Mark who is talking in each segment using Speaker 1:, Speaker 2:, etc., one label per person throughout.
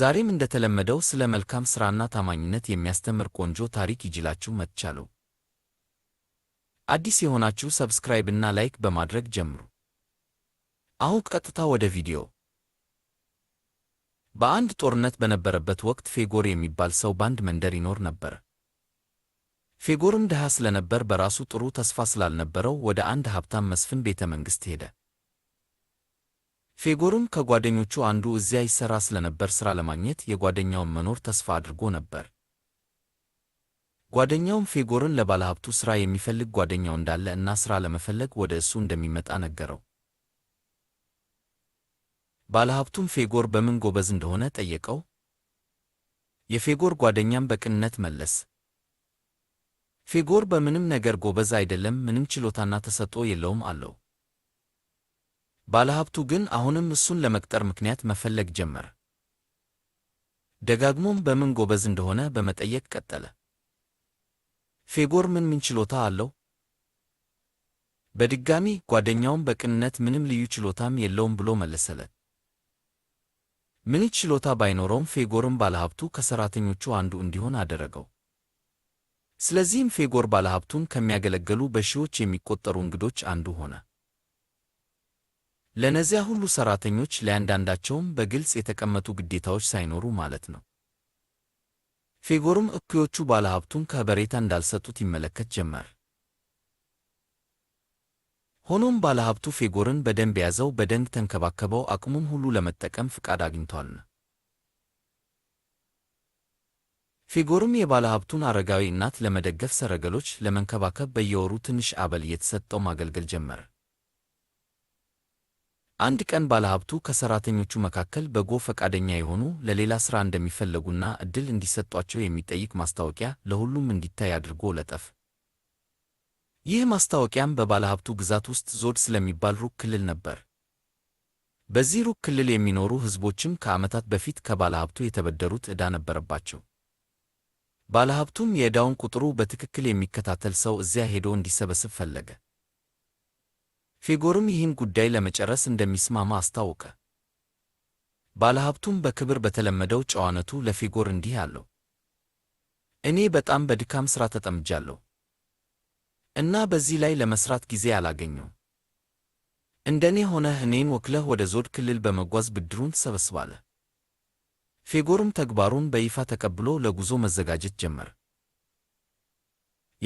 Speaker 1: ዛሬም እንደተለመደው ስለ መልካም ሥራና ታማኝነት የሚያስተምር ቆንጆ ታሪክ ይጅላችሁ መጥቻለሁ። አዲስ የሆናችሁ ሰብስክራይብ እና ላይክ በማድረግ ጀምሩ። አሁን ቀጥታ ወደ ቪዲዮ። በአንድ ጦርነት በነበረበት ወቅት ፌጎር የሚባል ሰው በአንድ መንደር ይኖር ነበር። ፌጎርም ድሃ ስለነበር በራሱ ጥሩ ተስፋ ስላልነበረው ወደ አንድ ሀብታም መስፍን ቤተ መንግሥት ሄደ። ፌጎርም ከጓደኞቹ አንዱ እዚያ ይሠራ ስለነበር ሥራ ለማግኘት የጓደኛውን መኖር ተስፋ አድርጎ ነበር። ጓደኛውም ፌጎርን ለባለሀብቱ ሥራ የሚፈልግ ጓደኛው እንዳለ እና ሥራ ለመፈለግ ወደ እሱ እንደሚመጣ ነገረው። ባለሀብቱም ፌጎር በምን ጎበዝ እንደሆነ ጠየቀው። የፌጎር ጓደኛም በቅንነት መለስ። ፌጎር በምንም ነገር ጎበዝ አይደለም፣ ምንም ችሎታና ተሰጥኦ የለውም አለው። ባለሀብቱ ግን አሁንም እሱን ለመቅጠር ምክንያት መፈለግ ጀመረ። ደጋግሞም በምን ጎበዝ እንደሆነ በመጠየቅ ቀጠለ። ፌጎር ምን ምን ችሎታ አለው? በድጋሚ ጓደኛውም በቅንነት ምንም ልዩ ችሎታም የለውም ብሎ መለሰለት። ምን ችሎታ ባይኖረውም ፌጎርም ባለሀብቱ ከሰራተኞቹ አንዱ እንዲሆን አደረገው። ስለዚህም ፌጎር ባለሀብቱን ከሚያገለግሉ በሺዎች የሚቆጠሩ እንግዶች አንዱ ሆነ። ለነዚያ ሁሉ ሠራተኞች ለአንዳንዳቸውም በግልጽ የተቀመጡ ግዴታዎች ሳይኖሩ ማለት ነው። ፌጎርም እኩዮቹ ባለሀብቱን ከበሬታ እንዳልሰጡት ይመለከት ጀመር። ሆኖም ባለሀብቱ ፌጎርን በደንብ ያዘው፣ በደንብ ተንከባከበው፣ አቅሙም ሁሉ ለመጠቀም ፍቃድ አግኝቷል። ፌጎርም የባለሀብቱን አረጋዊ እናት ለመደገፍ ሰረገሎች ለመንከባከብ በየወሩ ትንሽ አበል እየተሰጠው ማገልገል ጀመር። አንድ ቀን ባለሀብቱ ከሰራተኞቹ መካከል በጎ ፈቃደኛ የሆኑ ለሌላ ሥራ እንደሚፈለጉና ዕድል እንዲሰጧቸው የሚጠይቅ ማስታወቂያ ለሁሉም እንዲታይ አድርጎ ለጠፍ። ይህ ማስታወቂያም በባለሀብቱ ግዛት ውስጥ ዞድ ስለሚባል ሩቅ ክልል ነበር። በዚህ ሩቅ ክልል የሚኖሩ ሕዝቦችም ከዓመታት በፊት ከባለሀብቱ የተበደሩት ዕዳ ነበረባቸው። ባለሀብቱም የዕዳውን ቁጥሩ በትክክል የሚከታተል ሰው እዚያ ሄዶ እንዲሰበስብ ፈለገ። ፌጎርም ይህን ጉዳይ ለመጨረስ እንደሚስማማ አስታወቀ። ባለሀብቱም በክብር በተለመደው ጨዋነቱ ለፌጎር እንዲህ አለው። እኔ በጣም በድካም ሥራ ተጠምጃለሁ እና በዚህ ላይ ለመሥራት ጊዜ አላገኘው። እንደኔ ሆነህ እኔን ወክለህ ወደ ዞድ ክልል በመጓዝ ብድሩን ትሰበስባለህ። ፌጎርም ተግባሩን በይፋ ተቀብሎ ለጉዞ መዘጋጀት ጀመር።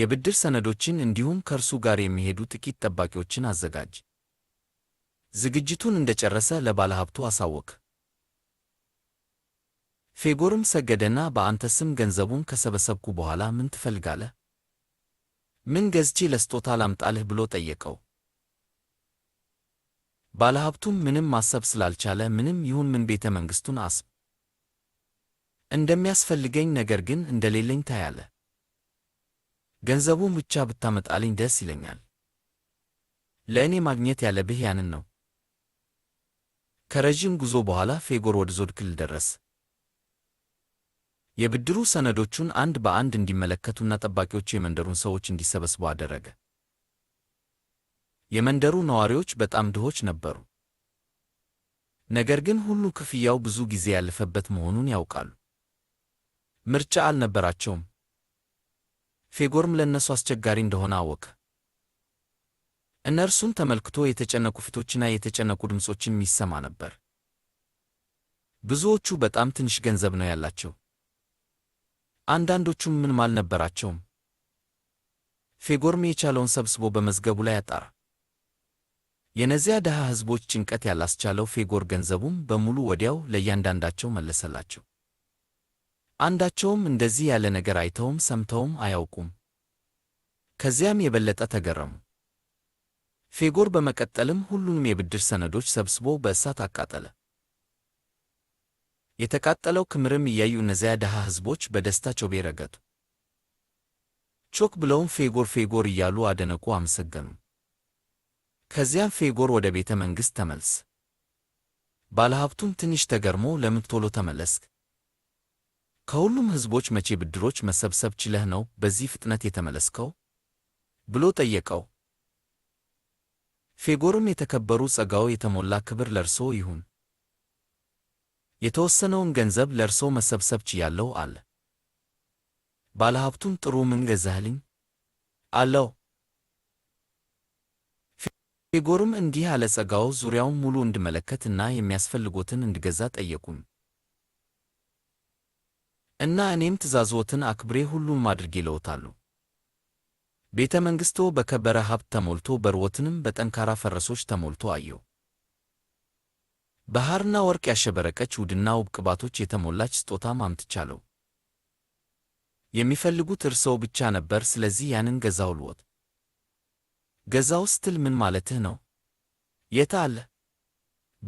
Speaker 1: የብድር ሰነዶችን እንዲሁም ከእርሱ ጋር የሚሄዱ ጥቂት ጠባቂዎችን አዘጋጅ። ዝግጅቱን እንደጨረሰ ለባለሀብቱ አሳወቅ። ፌጎርም ሰገደና በአንተ ስም ገንዘቡን ከሰበሰብኩ በኋላ ምን ትፈልጋለህ? ምን ገዝቼ ለስጦታ ላምጣልህ ብሎ ጠየቀው። ባለሀብቱም ምንም ማሰብ ስላልቻለ ምንም ይሁን ምን ቤተ መንግሥቱን አስብ እንደሚያስፈልገኝ ነገር ግን እንደሌለኝ ታያለህ ገንዘቡን ብቻ ብታመጣልኝ ደስ ይለኛል። ለእኔ ማግኘት ያለብህ ያንን ነው። ከረዥም ጉዞ በኋላ ፌጎር ወደ ዞድ ክልል ደረስ። የብድሩ ሰነዶቹን አንድ በአንድ እንዲመለከቱና ጠባቂዎቹ የመንደሩን ሰዎች እንዲሰበስቡ አደረገ። የመንደሩ ነዋሪዎች በጣም ድሆች ነበሩ። ነገር ግን ሁሉ ክፍያው ብዙ ጊዜ ያለፈበት መሆኑን ያውቃሉ። ምርጫ አልነበራቸውም። ፌጎርም ለእነሱ አስቸጋሪ እንደሆነ አወቀ። እነርሱን ተመልክቶ የተጨነቁ ፊቶችና የተጨነቁ ድምፆችን የሚሰማ ነበር። ብዙዎቹ በጣም ትንሽ ገንዘብ ነው ያላቸው። አንዳንዶቹም ምንም አልነበራቸውም። ፌጎርም የቻለውን ሰብስቦ በመዝገቡ ላይ አጣራ። የነዚያ ድሃ ሕዝቦች ጭንቀት ያላስቻለው ፌጎር ገንዘቡም በሙሉ ወዲያው ለእያንዳንዳቸው መለሰላቸው። አንዳቸውም እንደዚህ ያለ ነገር አይተውም ሰምተውም አያውቁም። ከዚያም የበለጠ ተገረሙ። ፌጎር በመቀጠልም ሁሉንም የብድር ሰነዶች ሰብስቦ በእሳት አቃጠለ። የተቃጠለው ክምርም እያዩ እነዚያ ድሃ ሕዝቦች በደስታ ቤረገጡ ረገጡ። ቾክ ብለውም ፌጎር ፌጎር እያሉ አደነቁ፣ አመሰገኑ። ከዚያም ፌጎር ወደ ቤተ መንግሥት ተመልስ። ባለሀብቱም ትንሽ ተገርሞ ለምን ቶሎ ተመለስክ ከሁሉም ሕዝቦች መቼ ብድሮች መሰብሰብ ችለህ ነው በዚህ ፍጥነት የተመለስከው? ብሎ ጠየቀው። ፌጎርም የተከበሩ ጸጋው የተሞላ ክብር ለርሶ ይሁን፣ የተወሰነውን ገንዘብ ለርሶ መሰብሰብ ችያለሁ አለ። ባለሀብቱም ጥሩ ምን ገዛህልኝ? አለው። ፌጎርም እንዲህ አለ፣ ጸጋው ዙሪያውን ሙሉ እንድመለከት እና የሚያስፈልጎትን እንድገዛ ጠየቁኝ። እና እኔም ትእዛዝዎትን አክብሬ ሁሉም አድርጌ ለዎታሉ። ቤተ መንግሥቶ በከበረ ሀብት ተሞልቶ በርወትንም በጠንካራ ፈረሶች ተሞልቶ አየው። በሐርና ወርቅ ያሸበረቀች ውድና ውብ ቅባቶች የተሞላች ስጦታም አምጥቻለሁ። የሚፈልጉት እርስዎ ብቻ ነበር። ስለዚህ ያንን ገዛው ልዎት። ገዛው ስትል ምን ማለትህ ነው? የት አለ?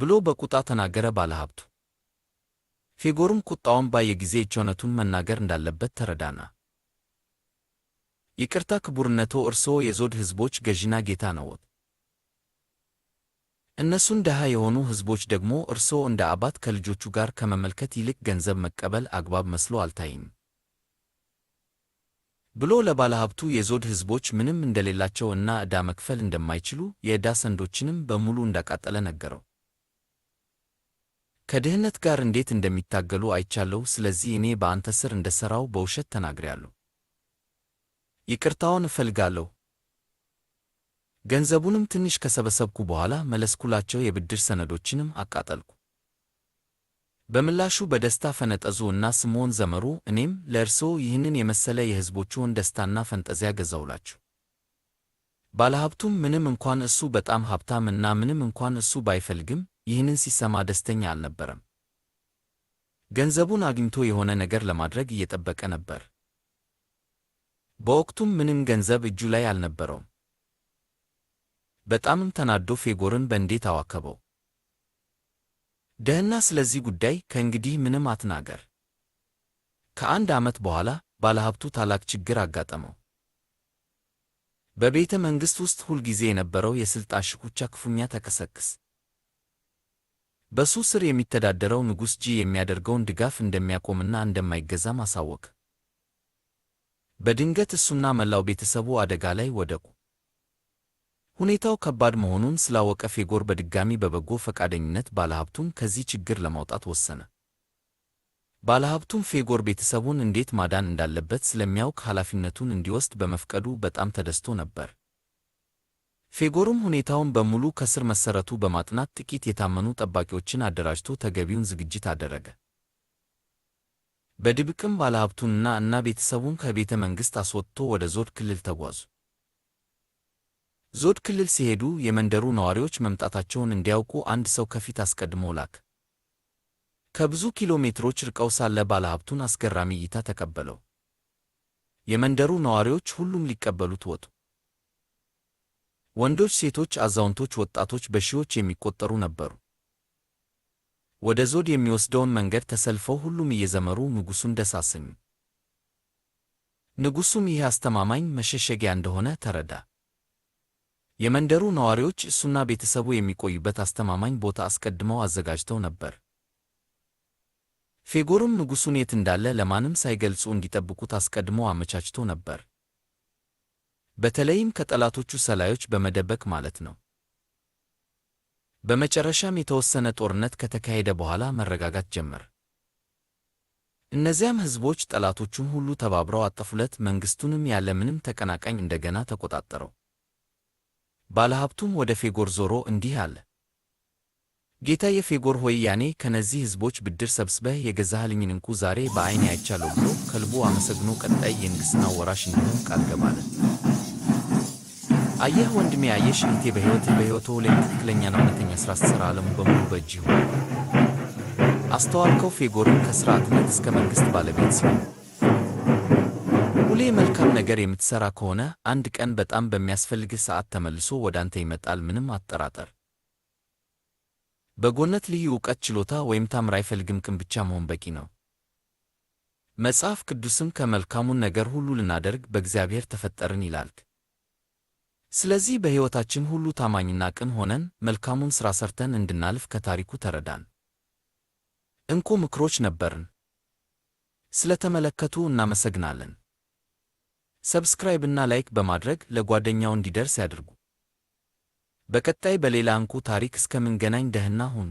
Speaker 1: ብሎ በቁጣ ተናገረ ባለሀብቱ። ፌጎርም ቁጣውን ባየ ጊዜ እውነቱን መናገር እንዳለበት ተረዳና ይቅርታ ክቡርነቶ፣ እርስዎ የዞድ ሕዝቦች ገዥና ጌታ ነዎት። እነሱን ድሃ የሆኑ ሕዝቦች ደግሞ እርስዎ እንደ አባት ከልጆቹ ጋር ከመመልከት ይልቅ ገንዘብ መቀበል አግባብ መስሎ አልታይም ብሎ ለባለሀብቱ የዞድ ሕዝቦች ምንም እንደሌላቸው እና ዕዳ መክፈል እንደማይችሉ የዕዳ ሰንዶችንም በሙሉ እንዳቃጠለ ነገረው። ከድህነት ጋር እንዴት እንደሚታገሉ አይቻለሁ። ስለዚህ እኔ በአንተ ስር ሠራው በውሸት ተናግሬአለሁ። ይቅርታውን እፈልጋለሁ። ገንዘቡንም ትንሽ ከሰበሰብኩ በኋላ መለስኩላቸው፣ የብድር ሰነዶችንም አቃጠልኩ። በምላሹ በደስታ ፈነጠዙ እና ስምዖን ዘመሩ። እኔም ለእርስዎ ይህንን የመሰለ የሕዝቦችውን ደስታና ፈንጠዚያ ገዛውላችሁ። ባለሀብቱም ምንም እንኳን እሱ በጣም ሀብታም እና ምንም እንኳን እሱ ባይፈልግም ይህንን ሲሰማ ደስተኛ አልነበረም። ገንዘቡን አግኝቶ የሆነ ነገር ለማድረግ እየጠበቀ ነበር። በወቅቱም ምንም ገንዘብ እጁ ላይ አልነበረውም። በጣምም ተናዶ ፌጎርን በእንዴት አዋከበው። ደህና ስለዚህ ጉዳይ ከእንግዲህ ምንም አትናገር። ከአንድ ዓመት በኋላ ባለሀብቱ ታላቅ ችግር አጋጠመው። በቤተ መንግሥት ውስጥ ሁልጊዜ የነበረው የሥልጣን ሽኩቻ ክፉኛ ተከሰክስ። በሱ ስር የሚተዳደረው ንጉሥ ጂ የሚያደርገውን ድጋፍ እንደሚያቆምና እንደማይገዛ ማሳወቅ በድንገት እሱና መላው ቤተሰቡ አደጋ ላይ ወደቁ። ሁኔታው ከባድ መሆኑን ስላወቀ ፌጎር በድጋሚ በበጎ ፈቃደኝነት ባለሀብቱን ከዚህ ችግር ለማውጣት ወሰነ። ባለሀብቱም ፌጎር ቤተሰቡን እንዴት ማዳን እንዳለበት ስለሚያውቅ ኃላፊነቱን እንዲወስድ በመፍቀዱ በጣም ተደስቶ ነበር። ፌጎርም ሁኔታውን በሙሉ ከስር መሰረቱ በማጥናት ጥቂት የታመኑ ጠባቂዎችን አደራጅቶ ተገቢውን ዝግጅት አደረገ። በድብቅም ባለሀብቱንና እና ቤተሰቡን ከቤተ መንግሥት አስወጥቶ ወደ ዞድ ክልል ተጓዙ። ዞድ ክልል ሲሄዱ የመንደሩ ነዋሪዎች መምጣታቸውን እንዲያውቁ አንድ ሰው ከፊት አስቀድሞ ላክ። ከብዙ ኪሎ ሜትሮች ርቀው ሳለ ባለሀብቱን አስገራሚ እይታ ተቀበለው። የመንደሩ ነዋሪዎች ሁሉም ሊቀበሉት ወጡ። ወንዶች፣ ሴቶች፣ አዛውንቶች፣ ወጣቶች በሺዎች የሚቆጠሩ ነበሩ። ወደ ዞድ የሚወስደውን መንገድ ተሰልፈው ሁሉም እየዘመሩ ንጉሡን ደስ አሰኙ። ንጉሡም ይህ አስተማማኝ መሸሸጊያ እንደሆነ ተረዳ። የመንደሩ ነዋሪዎች እሱና ቤተሰቡ የሚቆዩበት አስተማማኝ ቦታ አስቀድመው አዘጋጅተው ነበር። ፌጎርም ንጉሡን የት እንዳለ ለማንም ሳይገልጹ እንዲጠብቁት አስቀድሞ አመቻችቶ ነበር። በተለይም ከጠላቶቹ ሰላዮች በመደበቅ ማለት ነው። በመጨረሻም የተወሰነ ጦርነት ከተካሄደ በኋላ መረጋጋት ጀመር። እነዚያም ሕዝቦች ጠላቶቹን ሁሉ ተባብረው አጠፉለት። መንግሥቱንም ያለምንም ተቀናቃኝ እንደገና ተቆጣጠረው። ባለሀብቱም ወደ ፌጎር ዞሮ እንዲህ አለ። ጌታ የፌጎር ሆይ ያኔ ከነዚህ ሕዝቦች ብድር ሰብስበህ የገዛህልኝን እንቁ ዛሬ በዐይኔ አይቻለሁ ብሎ ከልቡ አመሰግኖ ቀጣይ የንግሥና ወራሽ እንዲሆን ቃል ገባለ። አየህ ወንድሜ፣ አየሽ እህቴ፣ በሕይወትህ በሕይወቱ ላይ ትክክለኛና እውነተኛ ሥራ ስትሠራ ዓለሙ በሙሉ በእጅ ይሆናል። አስተዋልከው? ፌጎርን ከሥርዓትነት እስከ መንግሥት ባለቤት ሲሆን ሁሌ መልካም ነገር የምትሠራ ከሆነ አንድ ቀን በጣም በሚያስፈልግህ ሰዓት ተመልሶ ወደ አንተ ይመጣል። ምንም አጠራጠር በጎነት ልዩ ዕውቀት፣ ችሎታ ወይም ታምር አይፈልግም። ቅን ብቻ መሆን በቂ ነው። መጽሐፍ ቅዱስም ከመልካሙን ነገር ሁሉ ልናደርግ በእግዚአብሔር ተፈጠርን ይላል። ስለዚህ በሕይወታችን ሁሉ ታማኝና ቅን ሆነን መልካሙን ሥራ ሠርተን እንድናልፍ ከታሪኩ ተረዳን። እንቁ ምክሮች ነበርን። ስለተመለከቱ እናመሰግናለን። ሰብስክራይብና ላይክ በማድረግ ለጓደኛው እንዲደርስ ያድርጉ። በቀጣይ በሌላ እንቁ ታሪክ እስከምንገናኝ ደህና ሁኑ።